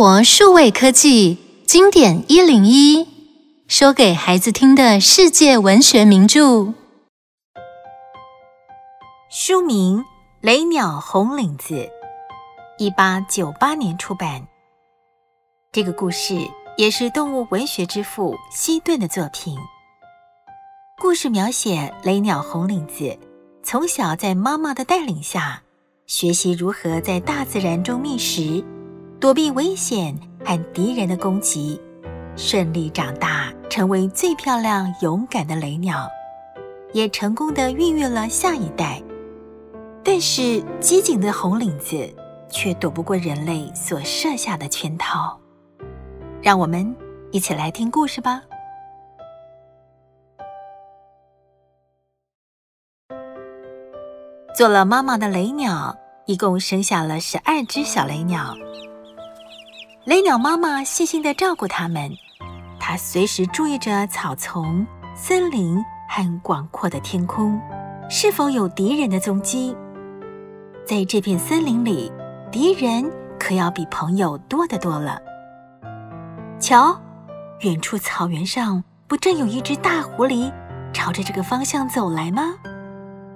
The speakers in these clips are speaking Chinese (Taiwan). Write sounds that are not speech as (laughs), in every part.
聲活數位科技經典一零一，說給孩子聽的世界文學名著。書名《雷鳥紅領子》，一八九八年出版。這個故事也是動物文學之父西頓的作品。故事描寫雷鳥紅領子從小在媽媽的帶領下學習如何在大自然中覓食。躲避危險和敵人的攻擊，順利長大，成為最漂亮、勇敢的雷鳥，也成功的孕育了下一代。但是機警的紅領子卻躲不過人類所設下的圈套。讓我們一起來聽故事吧。做了媽媽的雷鳥一共生下了十二隻小雷鳥。雷鳥媽媽細心地照顧它們，它隨時注意着草叢、森林和廣闊的天空，是否有敵人的蹤跡。在這片森林裡，敵人可要比朋友多得多了。瞧，遠處草原上不正有一隻大狐狸，朝着這個方向走來嗎？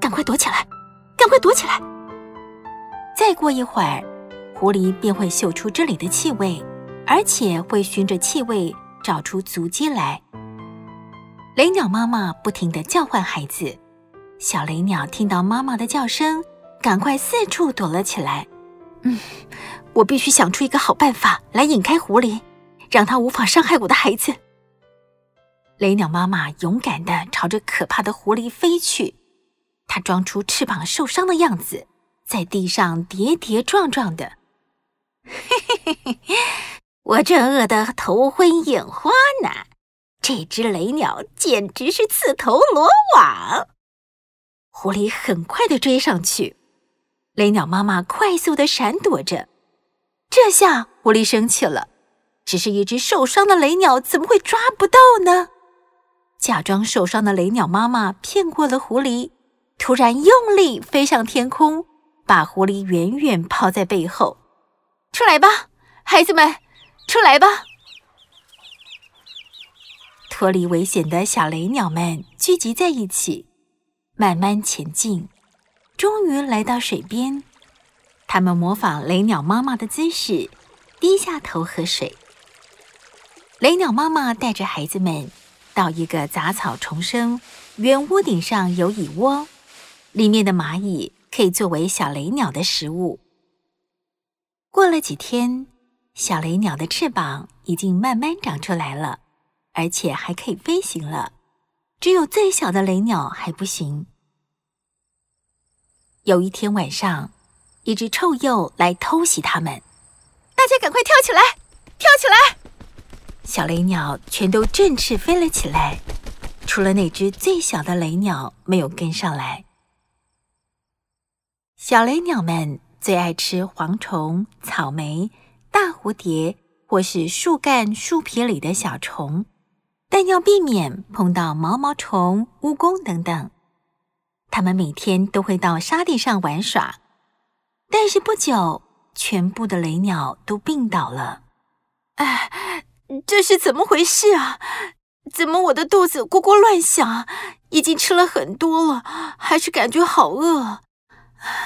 趕快躲起來，趕快躲起來！再過一會兒。狐狸便會嗅出這裡的氣味，而且會循着氣味找出足跡來。雷鳥媽媽不停地叫喚孩子，小雷鳥聽到媽媽的叫聲，趕快四處躲了起來。嗯，我必須想出一個好辦法來引開狐狸，讓它無法傷害我的孩子。雷鳥媽媽勇敢地朝着可怕的狐狸飛去，它裝出翅膀受傷的樣子，在地上跌跌撞撞的。嘿嘿嘿嘿， (laughs) 我正餓得頭昏眼花呢。這隻雷鳥簡直是自投羅網。狐狸很快地追上去，雷鳥媽媽快速地閃躲着。這下狐狸生氣了。只是一隻受傷的雷鳥，怎麼會抓不到呢？假裝受傷的雷鳥媽媽騙過了狐狸，突然用力飛上天空，把狐狸遠遠，遠拋在背後。出來吧，孩子們，出來吧！脫離危險的小雷鳥們聚集在一起，慢慢前進，終於來到水邊。他們模仿雷鳥媽媽的姿勢，低下頭喝水。雷鳥媽媽帶着孩子們到一個雜草叢生、圓屋頂上有蟻窩，裡面的螞蟻可以作為小雷鳥的食物。過了幾天，小雷鳥的翅膀已經慢慢長出來了，而且還可以飛行了。只有最小的雷鳥還不行。有一天晚上，一隻臭鼬來偷襲它們，大家趕快跳起來，跳起來！小雷鳥全都振翅飛了起來，除了那隻最小的雷鳥沒有跟上來。小雷鳥們。最愛吃蝗蟲、草莓、大蝴蝶或是樹幹樹皮裡的小蟲，但要避免碰到毛毛蟲、蜈蚣等等。它們每天都會到沙地上玩耍，但是不久，全部的雷鳥都病倒了。哎，這是怎麼回事啊？怎麼我的肚子咕咕亂響，已經吃了很多了，還是感覺好餓？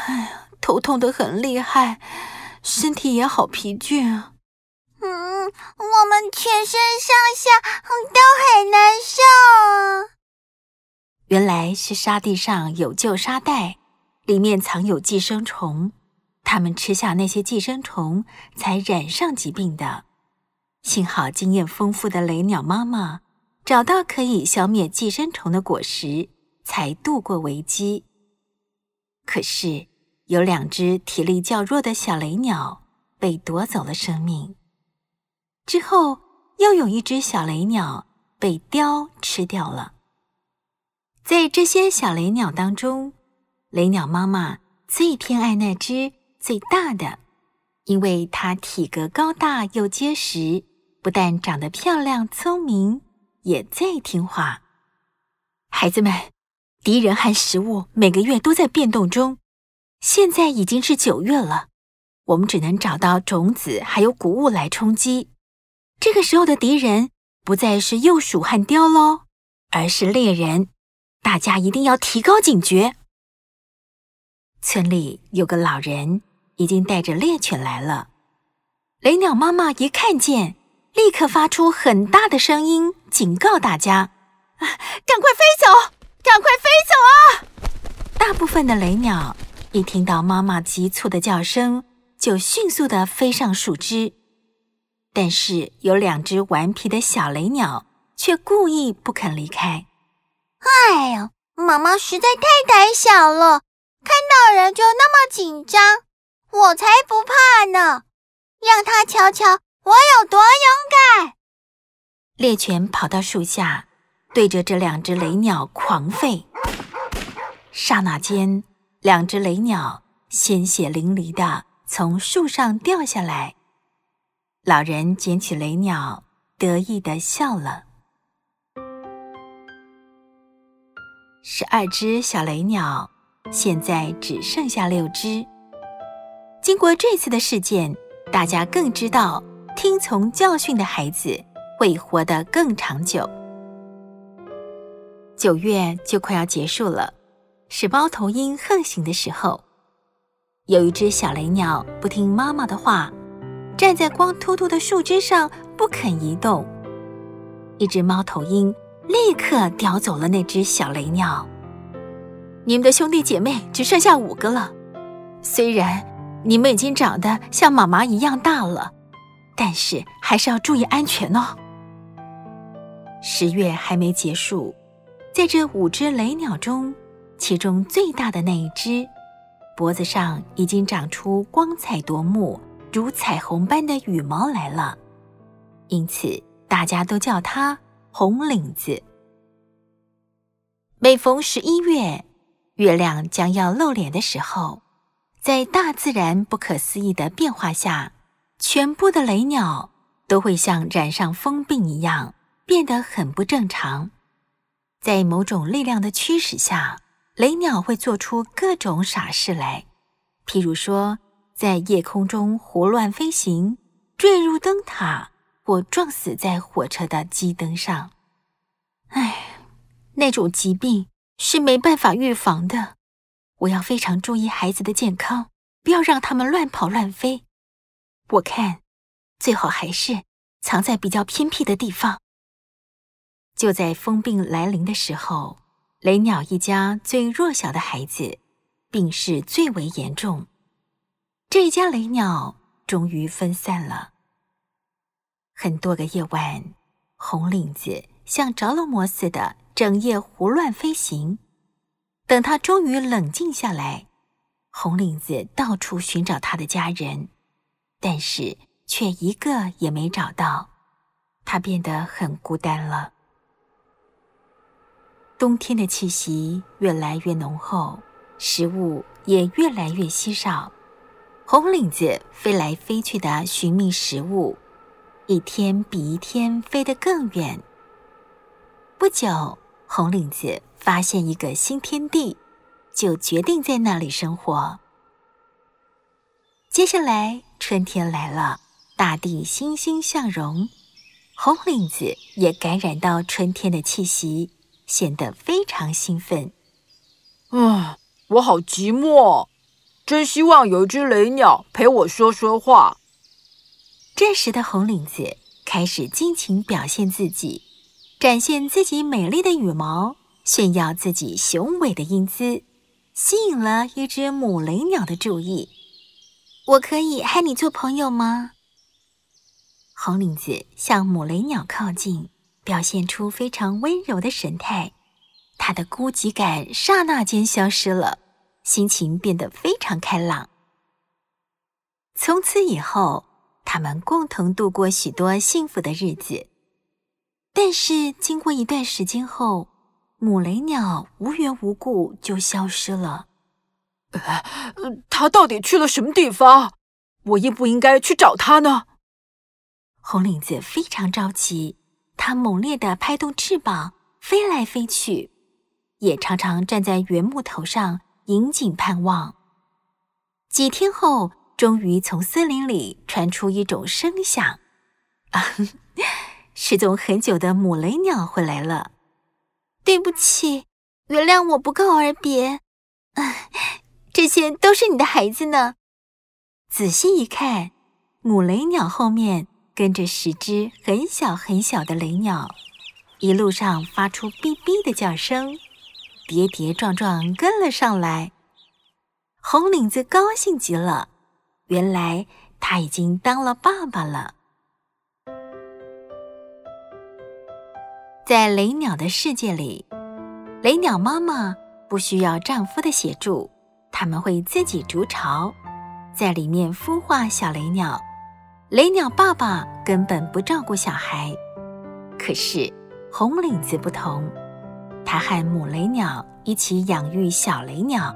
哎呀！頭痛得很厲害，身體也好疲倦啊。嗯，我們全身上下都很難受。原來是沙地上有舊沙袋，裡面藏有寄生蟲，牠們吃下那些寄生蟲才染上疾病的。幸好經驗豐富的雷鳥媽媽找到可以消滅寄生蟲的果實，才度過危機。可是，有兩隻體力較弱的小雷鳥被奪走了生命，之後又有一隻小雷鳥被雕吃掉了。在這些小雷鳥當中，雷鳥媽媽最偏愛那隻最大的，因為它體格高大又結實，不但長得漂亮、聰明，也最聽話。孩子們，敵人和食物每個月都在變動中。現在已經是九月了，我們只能找到種子還有穀物來充飢。這個時候的敵人不再是鼬鼠和雕嘍，而是獵人。大家一定要提高警覺。村裡有個老人已經帶着獵犬來了。雷鳥媽媽一看見，立刻發出很大的聲音警告大家：“啊、趕快飛走，趕快飛走啊！”大部分的雷鳥，一聽到媽媽急促的叫聲，就迅速的飛上樹枝。但是有兩隻頑皮的小雷鳥卻故意不肯離開。哎呀，媽媽實在太膽小了，看到人就那麼緊張，我才不怕呢，讓他瞧瞧我有多勇敢。獵犬跑到樹下，對着這兩隻雷鳥狂吠。剎那間。兩隻雷鳥鮮血淋漓的從樹上掉下來，老人撿起雷鳥，得意的笑了。十二隻小雷鳥，現在只剩下六隻。經過這次的事件，大家更知道聽從教訓的孩子會活得更長久。九月就快要結束了。是貓頭鷹橫行的時候，有一隻小雷鳥不聽媽媽的話，站在光禿禿的樹枝上不肯移動。一隻貓頭鷹立刻叼走了那隻小雷鳥。你們的兄弟姐妹只剩下五個了。雖然你們已經長得像媽媽一樣大了，但是還是要注意安全哦。十月還沒結束，在這五隻雷鳥中，其中最大的那一隻，脖子上已經長出光彩奪目、如彩虹般的羽毛來了，因此大家都叫它“紅領子”。每逢十一月，月亮將要露臉的時候，在大自然不可思議的變化下，全部的雷鳥都會像染上瘋病一樣變得很不正常，在某種力量的驅使下。雷鳥會做出各種傻事來，譬如說在夜空中胡亂飛行，墜入燈塔或撞死在火車的機燈上。唉，那種疾病是沒辦法預防的。我要非常注意孩子的健康，不要讓他們亂跑亂飛。我看，最好還是藏在比較偏僻的地方。就在瘋病來臨的時候。雷鳥一家最弱小的孩子，病勢最為嚴重。這一家雷鳥終於分散了。很多個夜晚，紅領子像着了魔似的，整夜胡亂飛行。等他終於冷靜下來，紅領子到處尋找他的家人，但是卻一個也沒找到。他變得很孤單了。冬天的氣息越來越濃厚，食物也越來越稀少。紅領子飛來飛去的尋覓食物，一天比一天飛得更遠。不久，紅領子發現一個新天地，就決定在那裡生活。接下來，春天來了，大地欣欣向榮，紅領子也感染到春天的氣息。顯得非常興奮。啊、嗯，我好寂寞，真希望有一隻雷鳥陪我說說話。這時的紅領子開始盡情表現自己，展現自己美麗的羽毛，炫耀自己雄偉的英姿，吸引了一隻母雷鳥的注意。我可以和你做朋友嗎？紅領子向母雷鳥靠近。表現出非常溫柔的神態，他的孤寂感剎那間消失了，心情變得非常開朗。從此以後，他們共同度過許多幸福的日子。但是，經過一段時間後，母雷鳥無緣無故就消失了。呃，呃，他到底去了什麼地方？我應不應該去找他呢？紅領子非常着急。它猛烈地拍動翅膀，飛來飛去，也常常站在圓木頭上引頸盼望。幾天後，終於從森林裡傳出一種聲響：啊，失蹤很久的母雷鳥回來了！對不起，原諒我不告而別。啊，這些都是你的孩子呢。仔細一看，母雷鳥後面。跟着十隻很小很小的雷鳥，一路上發出“嗶嗶”的叫聲，跌跌撞撞跟了上來。紅領子高興極了，原來他已經當了爸爸了。在雷鳥的世界裡，雷鳥媽媽不需要丈夫的協助，它們會自己築巢，在裡面孵化小雷鳥。雷鳥爸爸根本不照顧小孩，可是紅領子不同，他和母雷鳥一起養育小雷鳥。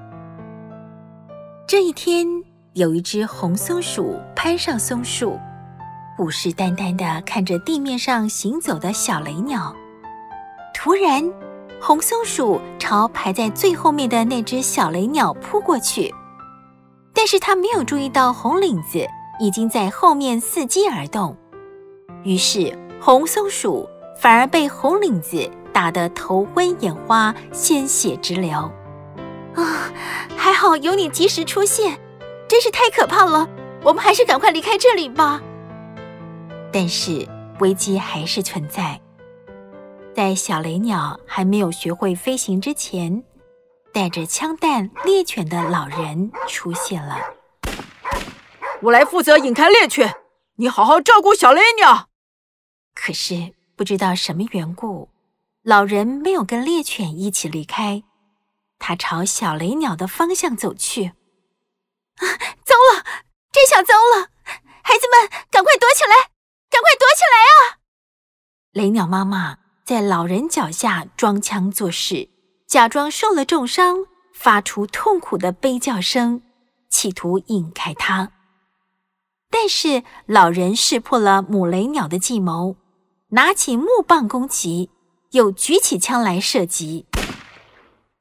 這一天，有一只紅松鼠攀上松樹，虎視眈眈的看着地面上行走的小雷鳥。突然，紅松鼠朝排在最後面的那只小雷鳥撲過去，但是他沒有注意到紅領子。已經在後面伺機而動，於是紅松鼠反而被紅領子打得頭昏眼花，鮮血直流。啊、哦，還好有你及時出現，真是太可怕了！我們還是趕快離開這裡吧。但是危機還是存在，在小雷鳥還沒有學會飛行之前，帶着槍彈獵犬的老人出現了。我來負責引開獵犬，你好好照顧小雷鳥。可是不知道什麼緣故，老人沒有跟獵犬一起離開，他朝小雷鳥的方向走去。啊，糟了，這下糟了！孩子們，趕快躲起來，趕快躲起來啊！雷鳥媽媽在老人腳下裝腔作勢，假裝受了重傷，發出痛苦的悲叫聲，企圖引開他。但是老人識破了母雷鳥的計謀，拿起木棒攻擊，又舉起槍來射擊。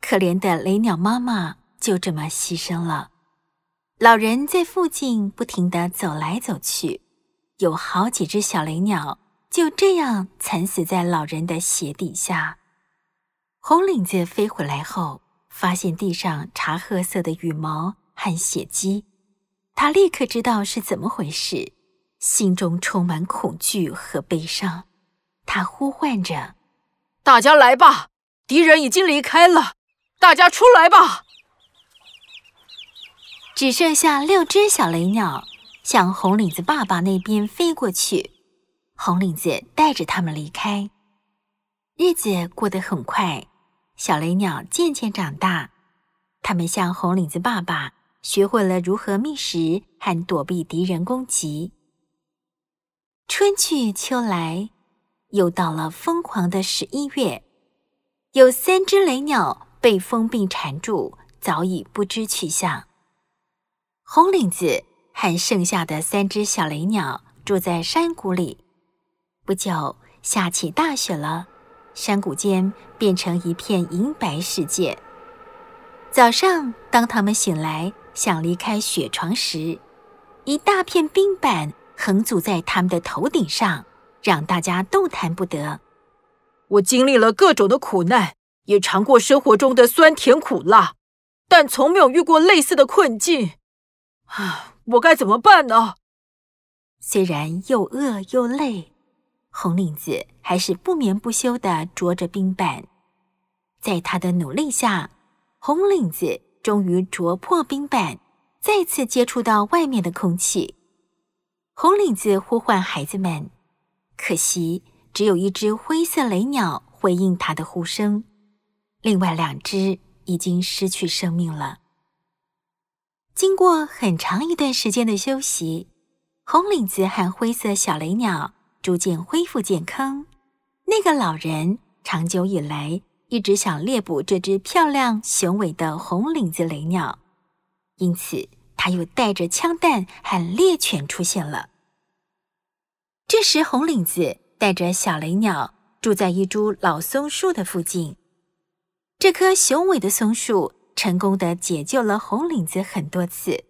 可憐的雷鳥媽媽就這麼犧牲了。老人在附近不停地走來走去，有好幾隻小雷鳥就這樣慘死在老人的鞋底下。紅領子飛回來後，發現地上茶褐色的羽毛和血跡。他立刻知道是怎麼回事，心中充滿恐懼和悲傷。他呼喚着：“大家來吧，敵人已經離開了，大家出來吧。”只剩下六只小雷鳥向紅領子爸爸那邊飛過去。紅領子帶着他們離開。日子過得很快，小雷鳥漸漸長大。他們向紅領子爸爸。學會了如何覓食和躲避敵人攻擊。春去秋來，又到了瘋狂的十一月。有三只雷鳥被瘋病纏住，早已不知去向。紅領子和剩下的三只小雷鳥住在山谷裡。不久，下起大雪了，山谷間變成一片銀白世界。早上，當他們醒來，想離開雪床時，一大片冰板橫阻在他們的頭頂上，讓大家動彈不得。我經歷了各種的苦難，也嘗過生活中的酸甜苦辣，但從沒有遇過類似的困境。啊，我該怎麼辦呢？雖然又餓又累，紅領子還是不眠不休的啄着冰板。在他的努力下，紅領子。終於啄破冰板，再次接觸到外面的空氣。紅領子呼喚孩子們，可惜只有一隻灰色雷鳥回應牠的呼聲，另外兩隻已經失去生命了。經過很長一段時間的休息，紅領子和灰色小雷鳥逐漸恢復健康，那個老人長久以來。一直想獵捕這隻漂亮雄偉的紅領子雷鳥，因此他又帶着槍彈和獵犬出現了。這時，紅領子帶着小雷鳥住在一株老松樹的附近。這棵雄偉的松樹成功地解救了紅領子很多次。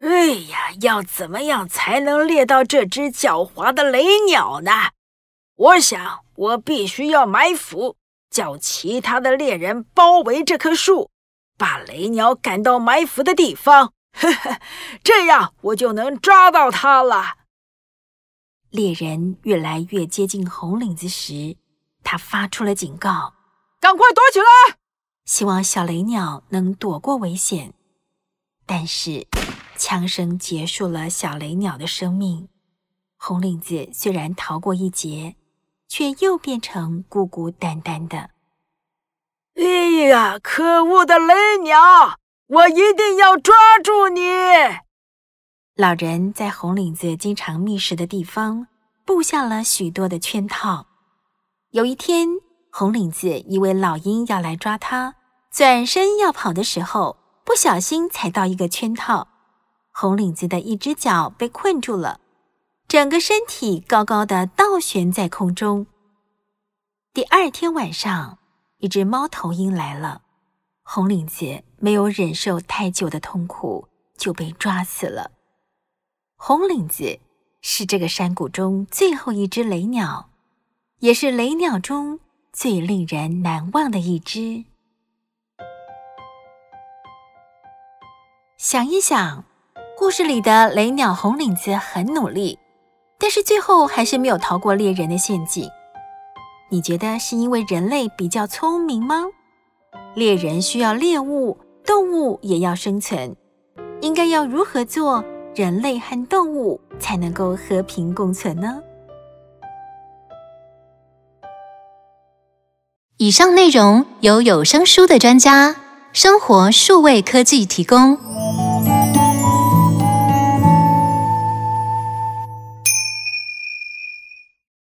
哎呀，要怎麼樣才能獵到這隻狡猾的雷鳥呢？我想，我必須要埋伏。叫其他的獵人包圍這棵樹，把雷鳥趕到埋伏的地方， (laughs) 這樣我就能抓到它了。獵人越來越接近紅領子時，他發出了警告：“趕快躲起來！”希望小雷鳥能躲過危險。但是，槍聲結束了小雷鳥的生命。紅領子雖然逃過一劫，卻又變成孤孤單單的。哎呀，可惡的雷鳥，我一定要抓住你！老人在紅領子經常覓食的地方布下了許多的圈套。有一天，紅領子以為老鷹要來抓它，轉身要跑的時候，不小心踩到一個圈套，紅領子的一隻腳被困住了。整個身體高高的倒懸在空中。第二天晚上，一隻貓頭鷹來了，紅領子沒有忍受太久的痛苦，就被抓死了。紅領子是這個山谷中最後一隻雷鳥，也是雷鳥中最令人難忘的一隻。想一想，故事裡的雷鳥紅領子很努力。但是最後還是沒有逃過獵人的陷阱。你覺得是因為人類比較聰明嗎？獵人需要獵物，動物也要生存。應該要如何做，人類和動物才能夠和平共存呢？以上內容由有聲書的專家聲活數位科技提供。